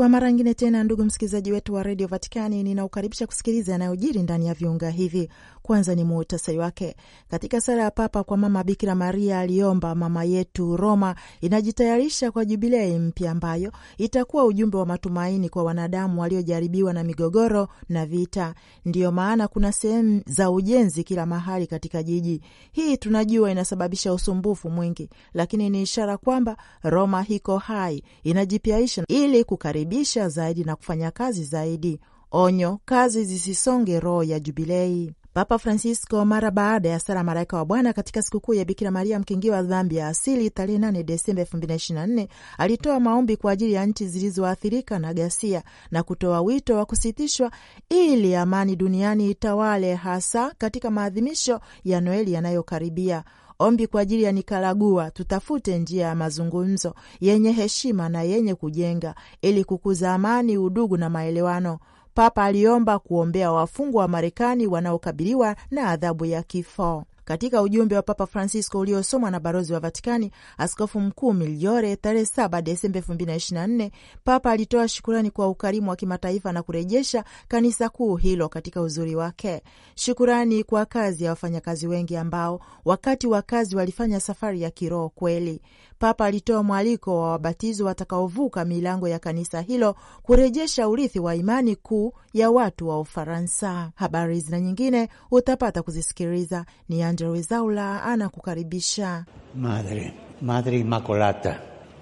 Kwa mara ngine tena, ndugu msikilizaji wetu wa redio Vatikani, ninaukaribisha kusikiliza yanayojiri ndani ya viunga hivi. Kwanza ni muhtasari wake. Katika sala ya Papa kwa Mama Bikira Maria aliomba mama yetu Roma inajitayarisha kwa jubilei mpya ambayo itakuwa ujumbe wa matumaini kwa wanadamu waliojaribiwa na migogoro na vita. Ndiyo maana kuna sehemu za ujenzi kila mahali katika jiji. Hii tunajua inasababisha usumbufu mwingi, lakini ni ishara kwamba Roma hiko hai, inajipyaisha ili kukaribia kujirekebisha zaidi na kufanya kazi zaidi. Onyo: kazi zisisonge roho ya Jubilei. Papa Francisco mara baada ya sala Malaika wa Bwana katika sikukuu ya Bikira Maria mkingi wa dhambi ya asili tarehe 8 Desemba 2024 alitoa maombi kwa ajili ya nchi zilizoathirika na ghasia na kutoa wito wa kusitishwa ili amani duniani itawale, hasa katika maadhimisho ya Noeli yanayokaribia. Ombi kwa ajili ya Nikaragua, tutafute njia ya mazungumzo yenye heshima na yenye kujenga ili kukuza amani, udugu na maelewano. Papa aliomba kuombea wafungwa wa Marekani wanaokabiliwa na adhabu ya kifo. Katika ujumbe wa Papa Francisco uliosomwa na balozi wa Vatikani, Askofu Mkuu Migliore, tarehe 7 Desemba 2024, Papa alitoa shukurani kwa ukarimu wa kimataifa na kurejesha kanisa kuu hilo katika uzuri wake. Shukurani kwa kazi ya wafanyakazi wengi ambao wakati wa kazi walifanya safari ya kiroho kweli. Papa alitoa mwaliko wa wabatizo watakaovuka milango ya kanisa hilo kurejesha urithi wa imani kuu ya watu wa Ufaransa. Habari zina nyingine utapata kuzisikiliza. Ni Andrew Wezaula anakukaribisha. Madre, Madre Immacolata,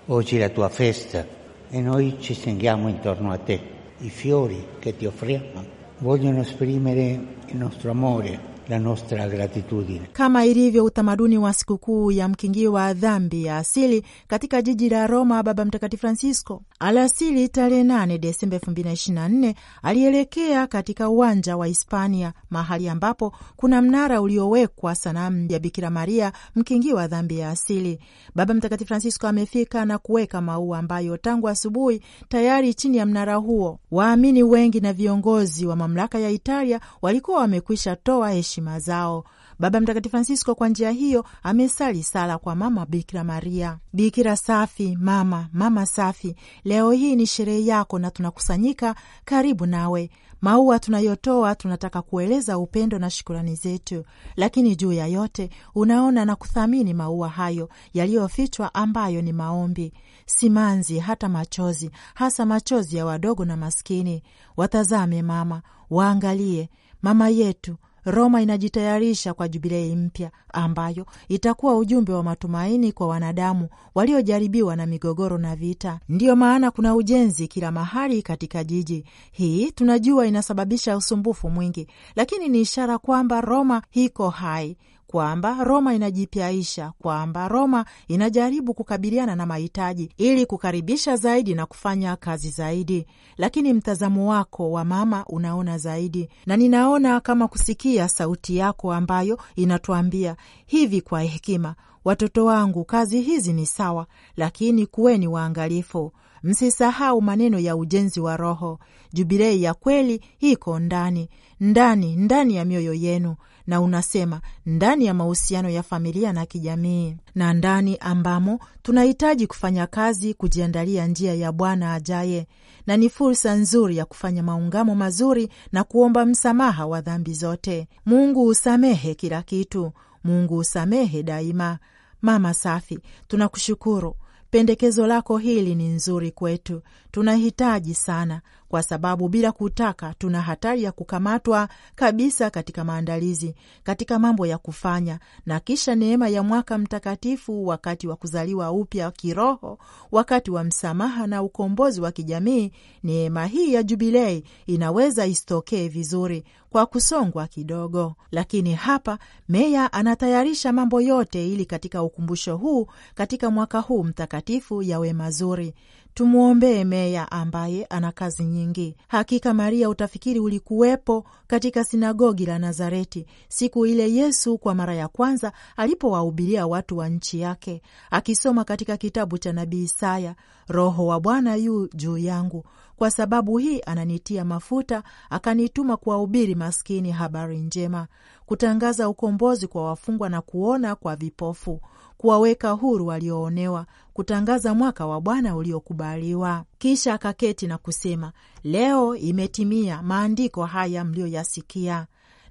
oggi la tua festa e noi ci stringiamo intorno a te. I fiori che ti offriamo vogliono esprimere il nostro amore la nostra gratitudine. Kama ilivyo utamaduni wa sikukuu ya mkingio wa dhambi ya asili katika jiji la Roma, Baba Mtakatifu Francisco alasili tarehe 8 Desemba 2024 alielekea katika uwanja wa Hispania, mahali ambapo kuna mnara uliowekwa sanamu ya Bikira Maria mkingio wa dhambi ya asili. Baba Mtakatifu Francisco amefika na kuweka maua ambayo tangu asubuhi tayari chini ya mnara huo waamini wengi na viongozi wa mamlaka ya Italia walikuwa wamekwisha toa heshima heshima zao. Baba Mtakatifu Francisco kwa njia hiyo amesali sala kwa mama Bikira Maria. Bikira safi, mama mama safi, leo hii ni sherehe yako na tunakusanyika karibu nawe. Maua tunayotoa tunataka kueleza upendo na shukurani zetu, lakini juu ya yote unaona na kuthamini maua hayo yaliyofichwa, ambayo ni maombi, simanzi, hata machozi, hasa machozi ya wadogo na maskini. Watazame mama, waangalie mama yetu Roma inajitayarisha kwa jubilei mpya ambayo itakuwa ujumbe wa matumaini kwa wanadamu waliojaribiwa na migogoro na vita. Ndiyo maana kuna ujenzi kila mahali katika jiji. Hii tunajua inasababisha usumbufu mwingi, lakini ni ishara kwamba Roma iko hai kwamba Roma inajipyaisha, kwamba Roma inajaribu kukabiliana na mahitaji ili kukaribisha zaidi na kufanya kazi zaidi. Lakini mtazamo wako wa mama unaona zaidi, na ninaona kama kusikia sauti yako ambayo inatuambia hivi kwa hekima, watoto wangu, kazi hizi ni sawa, lakini kuweni waangalifu Msisahau maneno ya ujenzi wa roho. Jubilei ya kweli iko ndani ndani ndani ya mioyo yenu, na unasema ndani ya mahusiano ya familia na kijamii na ndani ambamo tunahitaji kufanya kazi kujiandalia njia ya Bwana ajaye, na ni fursa nzuri ya kufanya maungamo mazuri na kuomba msamaha wa dhambi zote. Mungu usamehe kila kitu, Mungu usamehe daima. Mama safi, tunakushukuru. Pendekezo lako hili ni nzuri kwetu, tunahitaji sana kwa sababu bila kutaka tuna hatari ya kukamatwa kabisa katika maandalizi, katika mambo ya kufanya, na kisha neema ya mwaka mtakatifu, wakati wa kuzaliwa upya kiroho, wakati wa msamaha na ukombozi wa kijamii. Neema hii ya jubilei inaweza isitokee vizuri kwa kusongwa kidogo, lakini hapa meya anatayarisha mambo yote ili katika ukumbusho huu, katika mwaka huu mtakatifu, yawe mazuri. Tumwombee meya ambaye ana kazi nyingi. Hakika Maria, utafikiri ulikuwepo katika sinagogi la Nazareti siku ile Yesu kwa mara ya kwanza alipowahubiria watu wa nchi yake, akisoma katika kitabu cha nabii Isaya, Roho wa Bwana yu juu yangu, kwa sababu hii ananitia mafuta, akanituma kuwahubiri maskini habari njema, kutangaza ukombozi kwa wafungwa na kuona kwa vipofu kuwaweka huru walioonewa, kutangaza mwaka wa Bwana uliokubaliwa. Kisha akaketi na kusema, leo imetimia maandiko haya mliyoyasikia.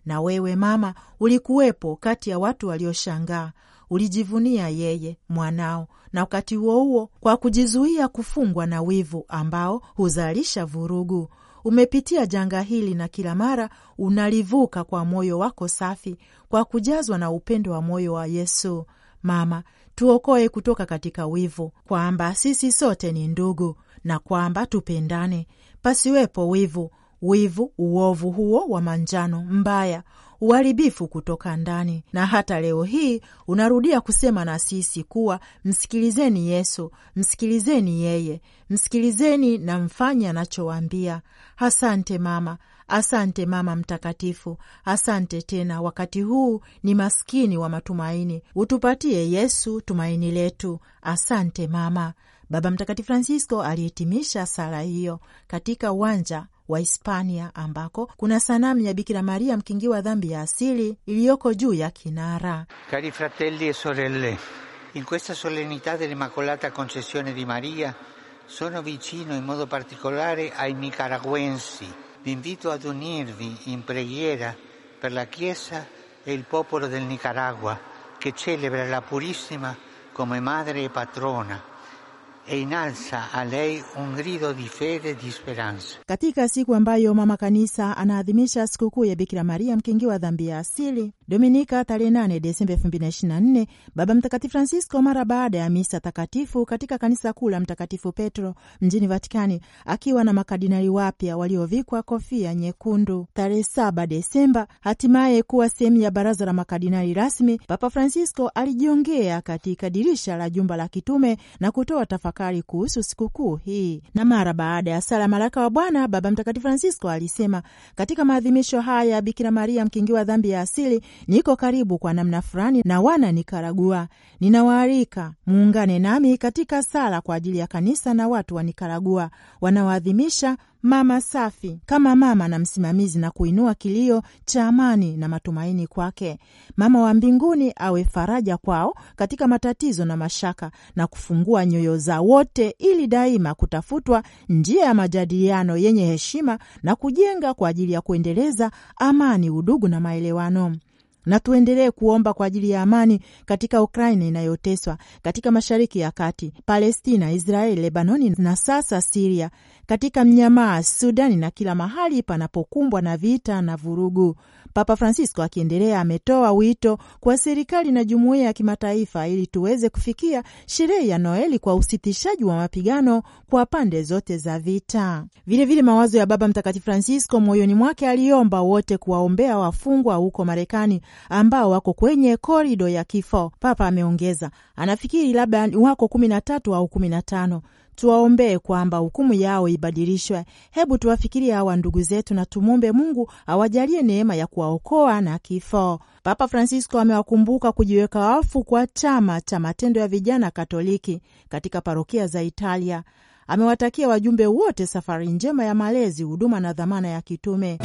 Na wewe mama, ulikuwepo kati ya watu walioshangaa, ulijivunia yeye mwanao, na wakati huo huo, kwa kujizuia kufungwa na wivu ambao huzalisha vurugu umepitia janga hili na kila mara unalivuka kwa moyo wako safi, kwa kujazwa na upendo wa moyo wa Yesu. Mama, tuokoe kutoka katika wivu, kwamba sisi sote ni ndugu na kwamba tupendane, pasiwepo wivu, wivu, uovu huo wa manjano mbaya, uharibifu kutoka ndani. Na hata leo hii unarudia kusema na sisi kuwa msikilizeni Yesu, msikilizeni yeye, msikilizeni na mfanye anachowaambia. Asante mama, Asante Mama Mtakatifu, asante tena. Wakati huu ni maskini wa matumaini, utupatie Yesu tumaini letu. Asante Mama. Baba Mtakatifu Francisco alihitimisha sala hiyo katika uwanja wa Hispania ambako kuna sanamu ya Bikira Maria wa dhambi ya asili iliyoko juu ya kinara. Cari fratelli e sorelle in questa solennità dell'Immacolata Concessione di Maria sono vicino in modo particolare ai nicaraguensi vi invito ad unirvi in preghiera per la Chiesa e il popolo del Nicaragua che celebra la Purissima come madre e patrona e inalza a lei un grido di fede e di speranza. Katika siku ambayo mama kanisa anaadhimisha sikukuu ya Bikira Maria mkingi wa dhambi ya asili Dominika tarehe 8 Desemba 2024, Baba Mtakatifu Francisco, mara baada ya misa takatifu katika kanisa kuu la Mtakatifu Petro mjini Vatikani, akiwa na makardinali wapya waliovikwa kofia nyekundu. Tarehe 7 Desemba, hatimaye kuwa sehemu ya baraza la makardinali rasmi, Papa Francisco alijiongea katika dirisha la jumba la kitume na kutoa tafakari kuhusu sikukuu hii, na mara baada ya sala Malaika wa Bwana, Baba Mtakatifu Francisco alisema katika maadhimisho haya Bikira Maria mkingiwa dhambi ya asili Niko karibu kwa namna fulani na wana Nikaragua. Ninawaalika muungane nami katika sala kwa ajili ya kanisa na watu wa Nikaragua wanaoadhimisha mama safi kama mama na msimamizi na kuinua kilio cha amani na matumaini kwake. Mama wa mbinguni awe faraja kwao katika matatizo na mashaka na kufungua nyoyo za wote ili daima kutafutwa njia ya majadiliano yenye heshima na kujenga kwa ajili ya kuendeleza amani, udugu na maelewano na tuendelee kuomba kwa ajili ya amani katika Ukraina inayoteswa, katika Mashariki ya Kati, Palestina, Israeli, Lebanoni na sasa Siria, katika mnyamaa, Sudani na kila mahali panapokumbwa na vita na vurugu. Papa Francisco akiendelea ametoa wito kwa serikali na jumuiya ya kimataifa ili tuweze kufikia sherehe ya Noeli kwa usitishaji wa mapigano kwa pande zote za vita. Vilevile vile mawazo ya Baba Mtakatifu Francisco moyoni mwake aliomba wote kuwaombea wafungwa huko Marekani ambao wako kwenye korido ya kifo. Papa ameongeza, anafikiri labda wako kumi na tatu au kumi na tano Tuwaombee kwamba hukumu yao ibadilishwe. Hebu tuwafikirie hawa ndugu zetu na tumwombe Mungu awajalie neema ya kuwaokoa na kifo. Papa Francisco amewakumbuka kujiweka wafu kwa chama cha matendo ya vijana Katoliki katika parokia za Italia. Amewatakia wajumbe wote safari njema ya malezi, huduma na dhamana ya kitume.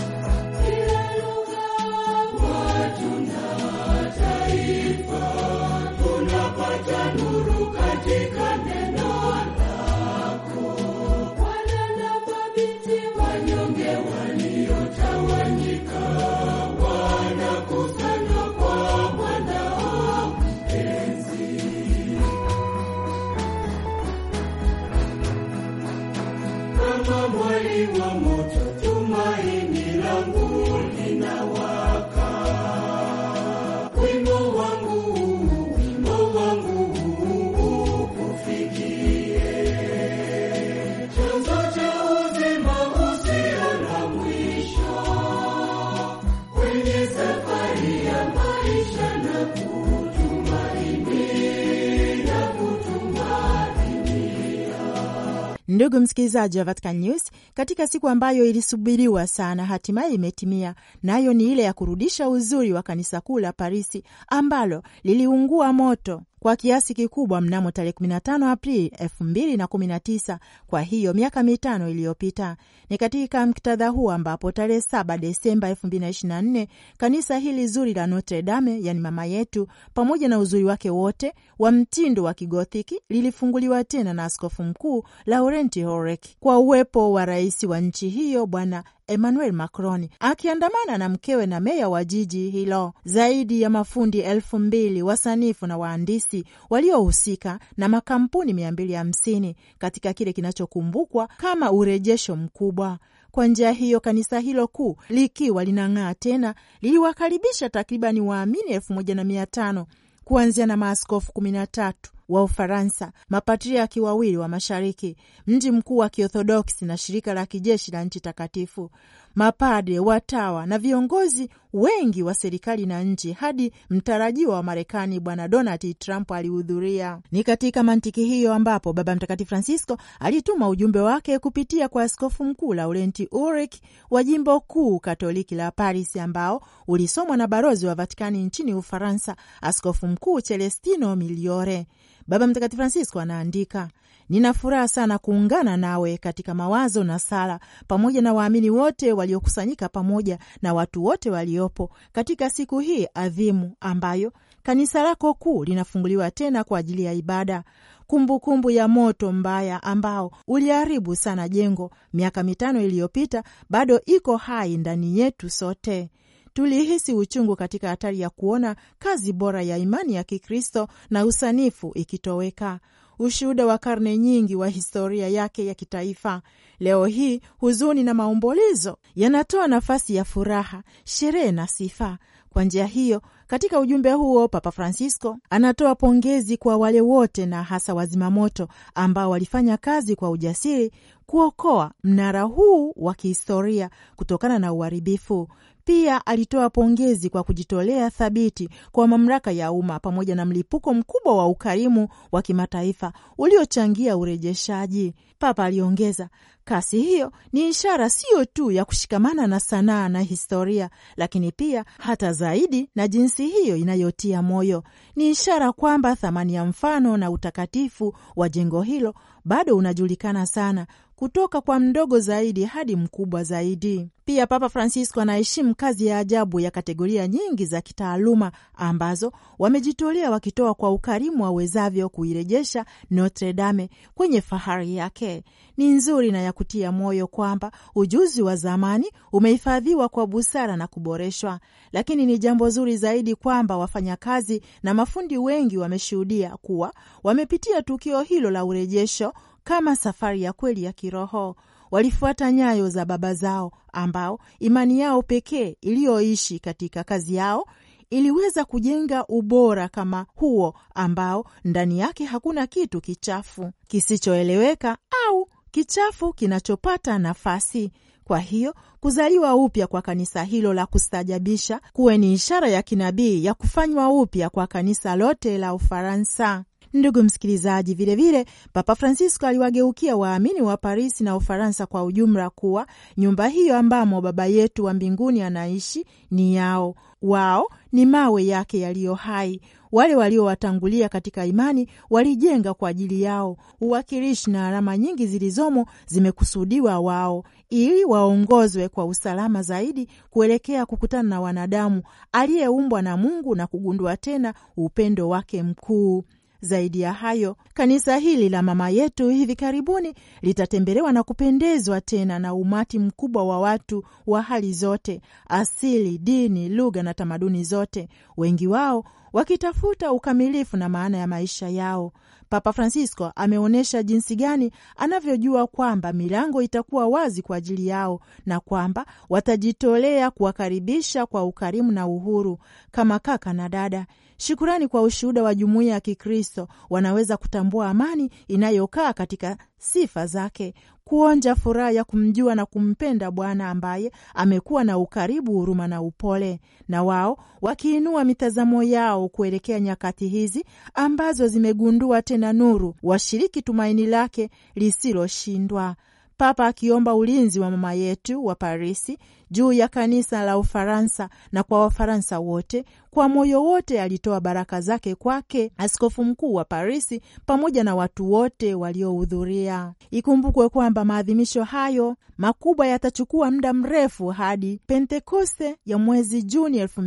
Ndugu msikilizaji wa Vatican News, katika siku ambayo ilisubiriwa sana hatimaye imetimia, nayo ni ile ya kurudisha uzuri wa kanisa kuu la Parisi ambalo liliungua moto kwa kiasi kikubwa mnamo tarehe 15 Aprili 2019, kwa hiyo miaka mitano iliyopita. Ni katika mktadha huu ambapo tarehe 7 Desemba 2024 kanisa hili zuri la Notre Dame, yani mama yetu, pamoja na uzuri wake wote wa mtindo wa Kigothiki lilifunguliwa tena na askofu mkuu Laurenti Horek kwa uwepo wa rais wa nchi hiyo Bwana Emmanuel Macron akiandamana na mkewe na meya wa jiji hilo. Zaidi ya mafundi elfu mbili wasanifu na waandisi waliohusika na makampuni 250 katika kile kinachokumbukwa kama urejesho mkubwa. Kwa njia hiyo kanisa hilo kuu likiwa linang'aa tena liliwakaribisha takribani waamini elfu moja na mia tano kuanzia na maaskofu kumi na tatu wa Ufaransa, mapatriaki wawili wa mashariki, mji mkuu wa Kiorthodoksi na shirika la kijeshi la nchi takatifu, mapadre, watawa na viongozi wengi wa serikali na nchi hadi mtarajiwa wa Marekani Bwana Donald Trump alihudhuria. Ni katika mantiki hiyo ambapo Baba Mtakatifu Francisco alituma ujumbe wake kupitia kwa askofu mkuu Laurenti Ulrich wa jimbo kuu Katoliki la Paris, ambao ulisomwa na balozi wa Vatikani nchini Ufaransa, askofu mkuu Celestino Miliore. Baba Mtakatifu Francisco anaandika Nina furaha sana kuungana nawe katika mawazo na sala pamoja na waamini wote waliokusanyika pamoja na watu wote waliopo katika siku hii adhimu ambayo kanisa lako kuu linafunguliwa tena kwa ajili ya ibada, kumbukumbu kumbu ya moto mbaya ambao uliharibu sana jengo miaka mitano iliyopita, bado iko hai ndani yetu sote. Tulihisi uchungu katika hatari ya kuona kazi bora ya imani ya Kikristo na usanifu ikitoweka ushuhuda wa karne nyingi wa historia yake ya kitaifa. Leo hii huzuni na maombolezo yanatoa nafasi ya furaha, sherehe na sifa. Kwa njia hiyo, katika ujumbe huo, Papa Francisco anatoa pongezi kwa wale wote na hasa wazimamoto ambao walifanya kazi kwa ujasiri kuokoa mnara huu wa kihistoria kutokana na uharibifu. Pia alitoa pongezi kwa kujitolea thabiti kwa mamlaka ya umma pamoja na mlipuko mkubwa wa ukarimu wa kimataifa uliochangia urejeshaji. Papa aliongeza, kasi hiyo ni ishara siyo tu ya kushikamana na sanaa na historia, lakini pia hata zaidi na jinsi hiyo inayotia moyo. Ni ishara kwamba thamani ya mfano na utakatifu wa jengo hilo bado unajulikana sana kutoka kwa mdogo zaidi hadi mkubwa zaidi. Pia Papa Francisco anaheshimu kazi ya ajabu ya kategoria nyingi za kitaaluma ambazo wamejitolea wakitoa kwa ukarimu wawezavyo kuirejesha Notre Dame kwenye fahari yake. Ni nzuri na ya kutia moyo kwamba ujuzi wa zamani umehifadhiwa kwa busara na kuboreshwa, lakini ni jambo zuri zaidi kwamba wafanyakazi na mafundi wengi wameshuhudia kuwa wamepitia tukio hilo la urejesho kama safari ya kweli ya kiroho. Walifuata nyayo za baba zao ambao imani yao pekee iliyoishi katika kazi yao iliweza kujenga ubora kama huo ambao ndani yake hakuna kitu kichafu kisichoeleweka au kichafu kinachopata nafasi. Kwa hiyo kuzaliwa upya kwa kanisa hilo la kustajabisha kuwe ni ishara ya kinabii ya kufanywa upya kwa kanisa lote la Ufaransa. Ndugu msikilizaji, vilevile Papa Francisco aliwageukia waamini wa parisi na Ufaransa kwa ujumla kuwa nyumba hiyo ambamo Baba yetu wa mbinguni anaishi ni yao, wao ni mawe yake yaliyo hai. Wale waliowatangulia katika imani walijenga kwa ajili yao. Uwakilishi na alama nyingi zilizomo zimekusudiwa wao, ili waongozwe kwa usalama zaidi kuelekea kukutana na wanadamu aliyeumbwa na Mungu na kugundua tena upendo wake mkuu. Zaidi ya hayo, kanisa hili la mama yetu hivi karibuni litatembelewa na kupendezwa tena na umati mkubwa wa watu wa hali zote, asili, dini, lugha na tamaduni zote, wengi wao wakitafuta ukamilifu na maana ya maisha yao. Papa Francisco ameonyesha jinsi gani anavyojua kwamba milango itakuwa wazi kwa ajili yao na kwamba watajitolea kuwakaribisha kwa ukarimu na uhuru kama kaka na dada. Shukurani kwa ushuhuda wa jumuiya ya Kikristo wanaweza kutambua amani inayokaa katika sifa zake, kuonja furaha ya kumjua na kumpenda Bwana ambaye amekuwa na ukaribu, huruma na upole, na wao wakiinua mitazamo yao kuelekea nyakati hizi ambazo zimegundua tena nuru, washiriki tumaini lake lisiloshindwa. Papa akiomba ulinzi wa mama yetu wa Parisi juu ya kanisa la Ufaransa na kwa Wafaransa wote. Kwa moyo wote alitoa baraka zake kwake askofu mkuu wa Parisi pamoja na watu wote waliohudhuria. Ikumbukwe kwamba maadhimisho hayo makubwa yatachukua muda mrefu hadi Pentekoste ya mwezi Juni elfu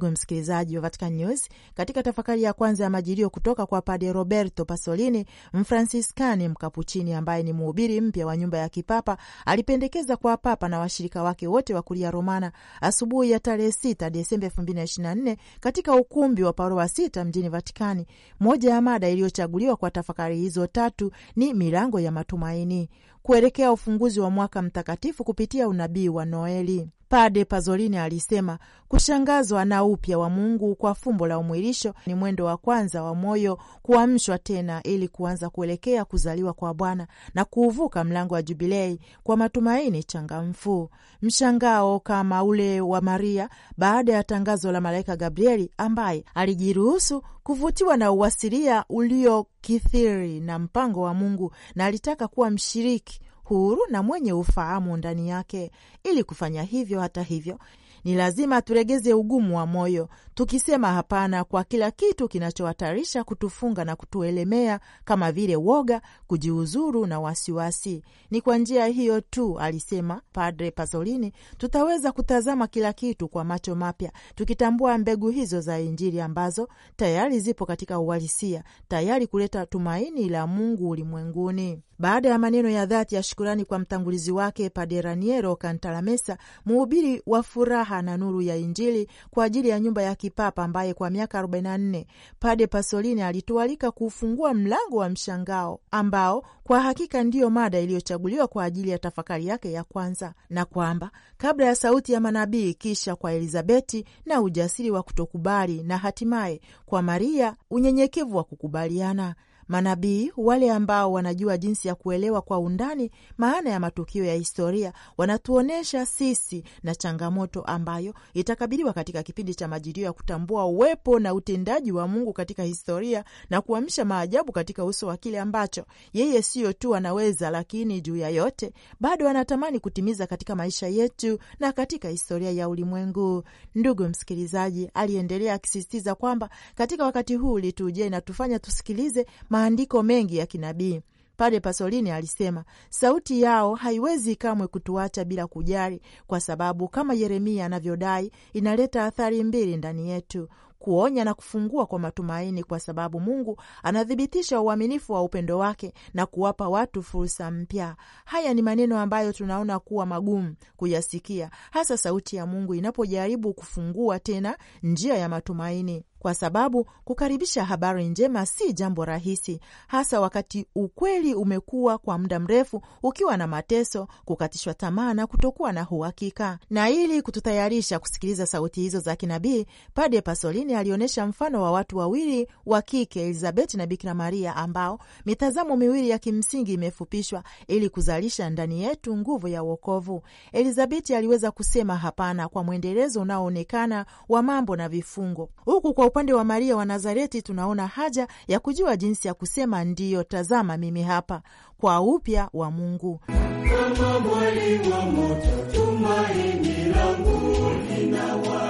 Ndugu msikilizaji wa Vatican News katika tafakari ya kwanza ya majilio kutoka kwa Padre Roberto Pasolini, Mfransiskani Mkapuchini ambaye ni mhubiri mpya wa nyumba ya kipapa, alipendekeza kwa papa na washirika wake wote wa Kuria Romana asubuhi ya tarehe 6 Desemba 2024 katika ukumbi wa Paulo wa Sita mjini Vatikani. Moja ya mada iliyochaguliwa kwa tafakari hizo tatu ni milango ya matumaini kuelekea ufunguzi wa mwaka mtakatifu kupitia unabii wa Noeli. Pade Pazolini alisema kushangazwa na upya wa Mungu kwa fumbo la umwilisho ni mwendo wa kwanza wa moyo kuamshwa tena ili kuanza kuelekea kuzaliwa kwa Bwana na kuuvuka mlango wa Jubilei kwa matumaini changamfu. Mshangao kama ule wa Maria baada ya tangazo la malaika Gabrieli, ambaye alijiruhusu kuvutiwa na uwasilia uliokithiri na mpango wa Mungu na alitaka kuwa mshiriki huru na mwenye ufahamu ndani yake. Ili kufanya hivyo, hata hivyo, ni lazima turegeze ugumu wa moyo, tukisema hapana kwa kila kitu kinachohatarisha kutufunga na kutuelemea, kama vile woga, kujiuzuru na wasiwasi. Ni kwa njia hiyo tu, alisema Padre Pasolini, tutaweza kutazama kila kitu kwa macho mapya, tukitambua mbegu hizo za Injili ambazo tayari zipo katika uhalisia, tayari kuleta tumaini la Mungu ulimwenguni. Baada ya maneno ya dhati ya shukurani kwa mtangulizi wake Padre Raniero Cantalamessa, mhubiri wa furaha furaha na nuru ya Injili kwa ajili ya nyumba ya kipapa ambaye kwa miaka 44 Pade Pasolini alitualika kuufungua mlango wa mshangao ambao kwa hakika ndiyo mada iliyochaguliwa kwa ajili ya tafakari yake ya kwanza, na kwamba kabla ya sauti ya manabii, kisha kwa Elizabeti na ujasiri wa kutokubali, na hatimaye kwa Maria unyenyekevu wa kukubaliana Manabii wale ambao wanajua jinsi ya kuelewa kwa undani maana ya matukio ya historia wanatuonyesha sisi na changamoto ambayo itakabiliwa katika kipindi cha Majilio ya kutambua uwepo na utendaji wa Mungu katika historia na kuamsha maajabu katika uso wa kile ambacho yeye siyo tu anaweza, lakini juu ya yote bado anatamani kutimiza katika maisha yetu na katika historia ya ulimwengu. Ndugu msikilizaji, aliendelea akisisitiza kwamba katika wakati huu liturujia inatufanya tusikilize ma maandiko mengi ya kinabii. Padre Pasolini alisema sauti yao haiwezi kamwe kutuacha bila kujali, kwa sababu kama Yeremia anavyodai inaleta athari mbili ndani yetu: kuonya na kufungua kwa matumaini, kwa sababu Mungu anathibitisha uaminifu wa upendo wake na kuwapa watu fursa mpya. Haya ni maneno ambayo tunaona kuwa magumu kuyasikia, hasa sauti ya Mungu inapojaribu kufungua tena njia ya matumaini kwa sababu kukaribisha habari njema si jambo rahisi, hasa wakati ukweli umekuwa kwa muda mrefu ukiwa na mateso, kukatishwa tamaa na kutokuwa na uhakika. Na ili kututayarisha kusikiliza sauti hizo za kinabii, Padre Pasolini alionyesha mfano wa watu wawili wa kike, Elizabeth na Bikira Maria, ambao mitazamo miwili ya kimsingi imefupishwa ili kuzalisha ndani yetu nguvu ya uokovu. Elizabeth aliweza kusema hapana kwa mwendelezo unaoonekana wa mambo na vifungo, huku kwa upande wa Maria wa Nazareti tunaona haja ya kujua jinsi ya kusema ndiyo, tazama mimi hapa, kwa upya wa Mungu. Kama mwali wa moto, tumaini langu linawaka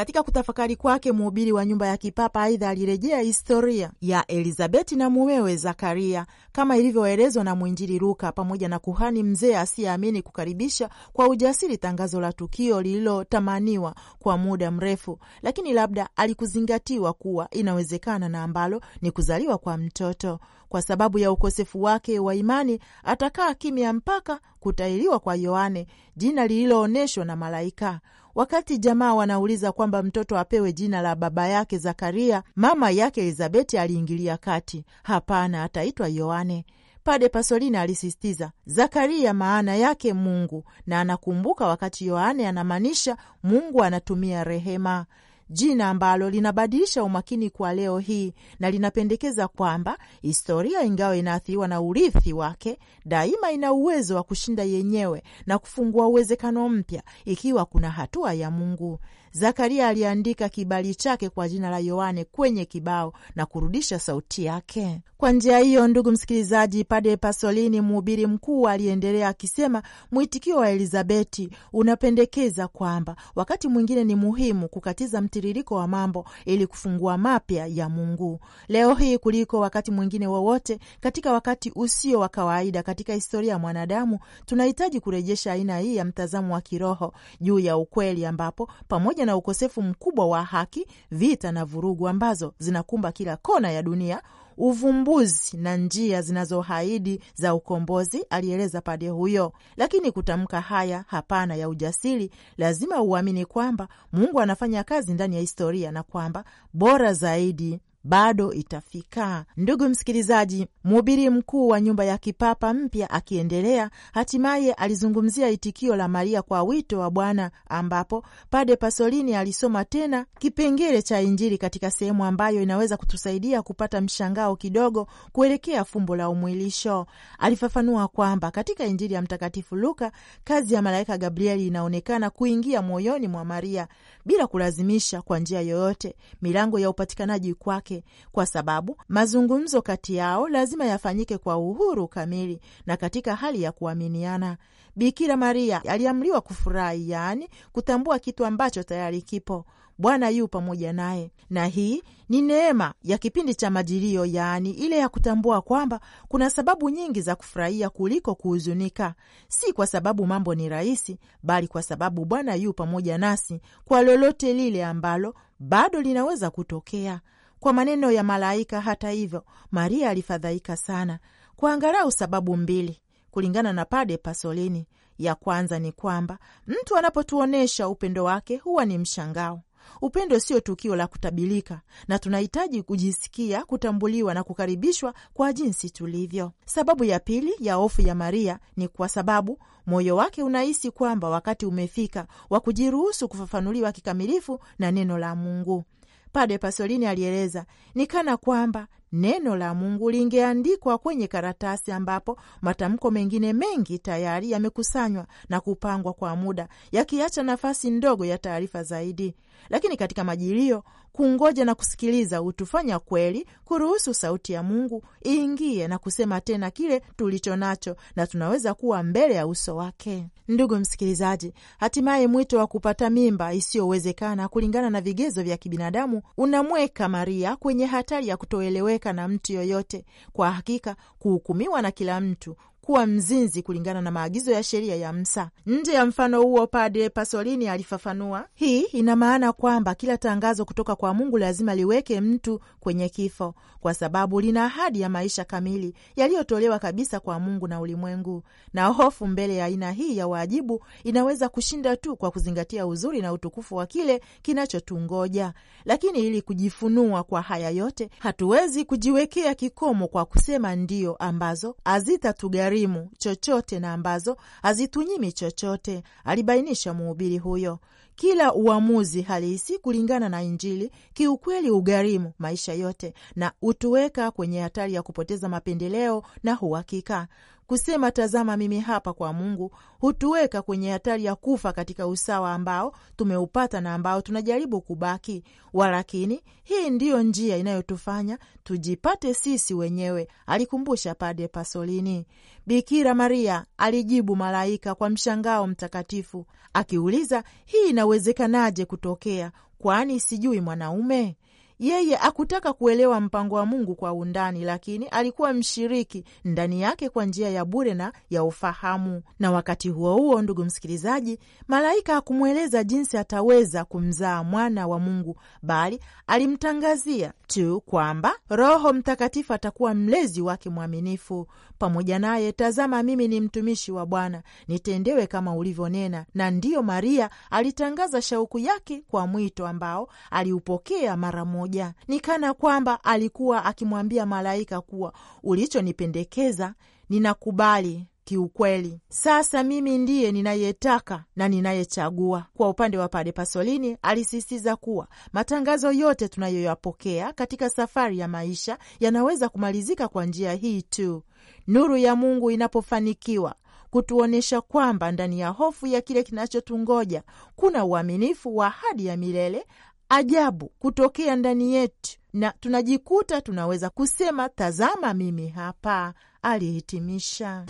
Katika kutafakari kwake, mhubiri wa nyumba ya kipapa aidha alirejea historia ya Elizabeti na mumewe Zakaria kama ilivyoelezwa na mwinjili Luka, pamoja na kuhani mzee asiyeamini kukaribisha kwa ujasiri tangazo la tukio lililotamaniwa kwa muda mrefu, lakini labda alikuzingatiwa kuwa inawezekana na ambalo ni kuzaliwa kwa mtoto. Kwa sababu ya ukosefu wake wa imani, atakaa kimya mpaka kutahiriwa kwa Yohane, jina lililoonyeshwa na malaika. Wakati jamaa wanauliza kwamba mtoto apewe jina la baba yake Zakaria, mama yake Elizabeti aliingilia kati, hapana, ataitwa Yohane. Pade Pasolina alisisitiza Zakaria maana yake Mungu, na anakumbuka wakati Yohane anamaanisha Mungu anatumia rehema jina ambalo linabadilisha umakini kwa leo hii na linapendekeza kwamba historia, ingawa inaathiriwa na urithi wake, daima ina uwezo wa kushinda yenyewe na kufungua uwezekano mpya ikiwa kuna hatua ya Mungu. Zakaria aliandika kibali chake kwa jina la Yohane kwenye kibao na kurudisha sauti yake. Kwa njia hiyo, ndugu msikilizaji, Padre Pasolini, mhubiri mkuu, aliendelea akisema, mwitikio wa Elizabeti unapendekeza kwamba wakati mwingine ni muhimu kukatiza mti mtiririko wa mambo ili kufungua mapya ya Mungu leo hii kuliko wakati mwingine wowote wa katika wakati usio wa kawaida katika historia ya mwanadamu. Tunahitaji kurejesha aina hii ya mtazamo wa kiroho juu ya ukweli, ambapo pamoja na ukosefu mkubwa wa haki, vita na vurugu ambazo zinakumba kila kona ya dunia uvumbuzi na njia zinazohaidi za ukombozi, alieleza pade huyo. Lakini kutamka haya hapana ya ujasiri, lazima uamini kwamba Mungu anafanya kazi ndani ya historia na kwamba bora zaidi bado itafika. Ndugu msikilizaji, mhubiri mkuu wa nyumba ya kipapa mpya akiendelea, hatimaye alizungumzia itikio la Maria kwa wito wa Bwana, ambapo Pade Pasolini alisoma tena kipengele cha Injili katika sehemu ambayo inaweza kutusaidia kupata mshangao kidogo kuelekea fumbo la umwilisho. Alifafanua kwamba katika Injili ya Mtakatifu Luka kazi ya malaika Gabrieli inaonekana kuingia moyoni mwa Maria bila kulazimisha kwa njia yoyote milango ya upatikanaji kwake wake, kwa sababu mazungumzo kati yao lazima yafanyike kwa uhuru kamili na katika hali ya kuaminiana. Bikira Maria aliamriwa kufurahi, yaani kutambua kitu ambacho tayari kipo. Bwana yu pamoja naye, na hii ni neema ya kipindi cha majilio, yaani ile ya kutambua kwamba kuna sababu nyingi za kufurahia kuliko kuhuzunika, si kwa sababu mambo ni rahisi, bali kwa sababu Bwana yu pamoja nasi kwa lolote lile ambalo bado linaweza kutokea kwa maneno ya malaika. Hata hivyo, Maria alifadhaika sana kwa angalau sababu mbili, kulingana na Pade Pasolini. Ya kwanza ni kwamba mtu anapotuonyesha upendo wake huwa ni mshangao. Upendo sio tukio la kutabilika, na tunahitaji kujisikia kutambuliwa na kukaribishwa kwa jinsi tulivyo. Sababu ya pili ya hofu ya Maria ni kwa sababu moyo wake unahisi kwamba wakati umefika wa kujiruhusu kufafanuliwa kikamilifu na neno la Mungu. Padre Pasolini alieleza, ni kana kwamba neno la Mungu lingeandikwa kwenye karatasi ambapo matamko mengine mengi tayari yamekusanywa na kupangwa kwa muda, yakiacha nafasi ndogo ya taarifa zaidi. Lakini katika majilio kungoja na kusikiliza hutufanya kweli kuruhusu sauti ya Mungu iingie na kusema tena kile tulicho nacho, na tunaweza kuwa mbele ya uso wake. Ndugu msikilizaji, hatimaye mwito wa kupata mimba isiyowezekana kulingana na vigezo vya kibinadamu unamweka Maria kwenye hatari ya kutoeleweka na mtu yoyote, kwa hakika kuhukumiwa na kila mtu kuwa mzinzi kulingana na maagizo ya sheria ya Msa. Nje ya mfano huo, Padre Pasolini alifafanua, hii ina maana kwamba kila tangazo kutoka kwa Mungu lazima liweke mtu kwenye kifo, kwa sababu lina ahadi ya maisha kamili yaliyotolewa kabisa kwa Mungu na ulimwengu. Na hofu mbele ya aina hii ya wajibu inaweza kushinda tu kwa kuzingatia uzuri na utukufu wa kile kinachotungoja. Lakini ili kujifunua kwa haya yote, hatuwezi kujiwekea kikomo kwa kusema ndio ambazo hazitatugharimu kutugharimu chochote na ambazo hazitunyimi chochote, alibainisha mhubiri huyo. Kila uamuzi halisi kulingana na Injili kiukweli ugharimu maisha yote na utuweka kwenye hatari ya kupoteza mapendeleo na uhakika kusema, tazama mimi hapa kwa Mungu, hutuweka kwenye hatari ya kufa katika usawa ambao tumeupata na ambao tunajaribu kubaki. Walakini hii ndiyo njia inayotufanya tujipate sisi wenyewe, alikumbusha Pade Pasolini. Bikira Maria alijibu malaika kwa mshangao mtakatifu, akiuliza hii inawezekanaje kutokea? Kwani sijui mwanaume? Yeye akutaka kuelewa mpango wa Mungu kwa undani, lakini alikuwa mshiriki ndani yake kwa njia ya bure na ya ufahamu. Na wakati huo huo, ndugu msikilizaji, malaika akumweleza jinsi ataweza kumzaa mwana wa Mungu, bali alimtangazia tu kwamba Roho Mtakatifu atakuwa mlezi wake mwaminifu pamoja naye. Tazama, mimi ni mtumishi wa Bwana, nitendewe kama ulivyonena. Na ndiyo Maria alitangaza shauku yake kwa mwito ambao aliupokea mara moja moja, ni kana kwamba alikuwa akimwambia malaika kuwa ulichonipendekeza ninakubali kiukweli sasa mimi ndiye ninayetaka na ninayechagua. Kwa upande wa Pade Pasolini, alisisitiza kuwa matangazo yote tunayoyapokea katika safari ya maisha yanaweza kumalizika kwa njia hii tu, nuru ya Mungu inapofanikiwa kutuonyesha kwamba ndani ya hofu ya kile kinachotungoja kuna uaminifu wa ahadi ya milele ajabu kutokea ndani yetu, na tunajikuta tunaweza kusema, tazama mimi hapa, alihitimisha.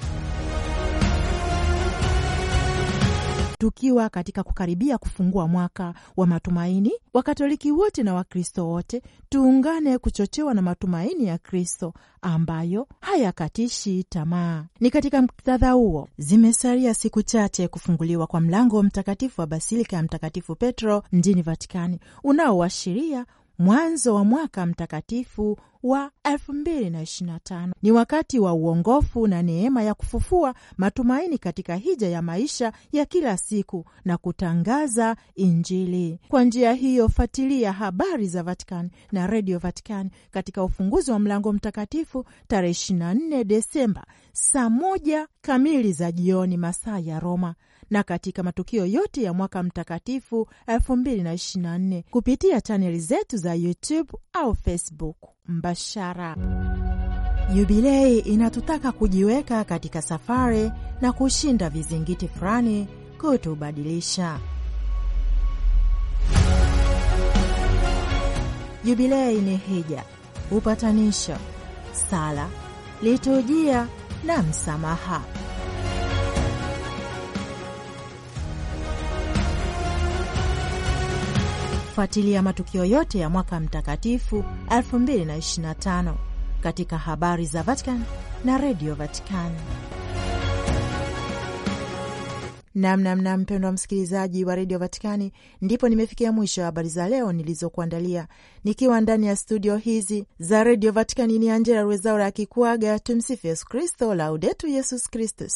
tukiwa katika kukaribia kufungua mwaka wa matumaini, Wakatoliki wote na Wakristo wote tuungane kuchochewa na matumaini ya Kristo ambayo hayakatishi tamaa. Ni katika muktadha huo, zimesalia siku chache kufunguliwa kwa mlango mtakatifu wa basilika ya Mtakatifu Petro mjini Vatikani unaoashiria mwanzo wa mwaka mtakatifu wa 2025 ni wakati wa uongofu na neema ya kufufua matumaini katika hija ya maisha ya kila siku na kutangaza Injili. Kwa njia hiyo, fatilia habari za Vatican na redio Vatican katika ufunguzi wa mlango mtakatifu tarehe 24 Desemba saa moja kamili za jioni masaa ya Roma na katika matukio yote ya mwaka mtakatifu 2024 kupitia chaneli zetu za YouTube au Facebook mbashara. Yubilei inatutaka kujiweka katika safari na kushinda vizingiti fulani kutubadilisha. Jubilei ni hija, upatanisho, sala, liturujia na msamaha. kufuatilia matukio yote ya mwaka mtakatifu 2025 katika habari za Vatican na redio Vatican. Namnamna mpendwa msikilizaji wa redio Vatikani, ndipo nimefikia mwisho wa habari za leo nilizokuandalia, nikiwa ndani ya studio hizi za redio Vatikani. Ni Angela Rwezaura akikuaga. Tumsifu Yesu Kristo, Laudetu Yesus Kristus.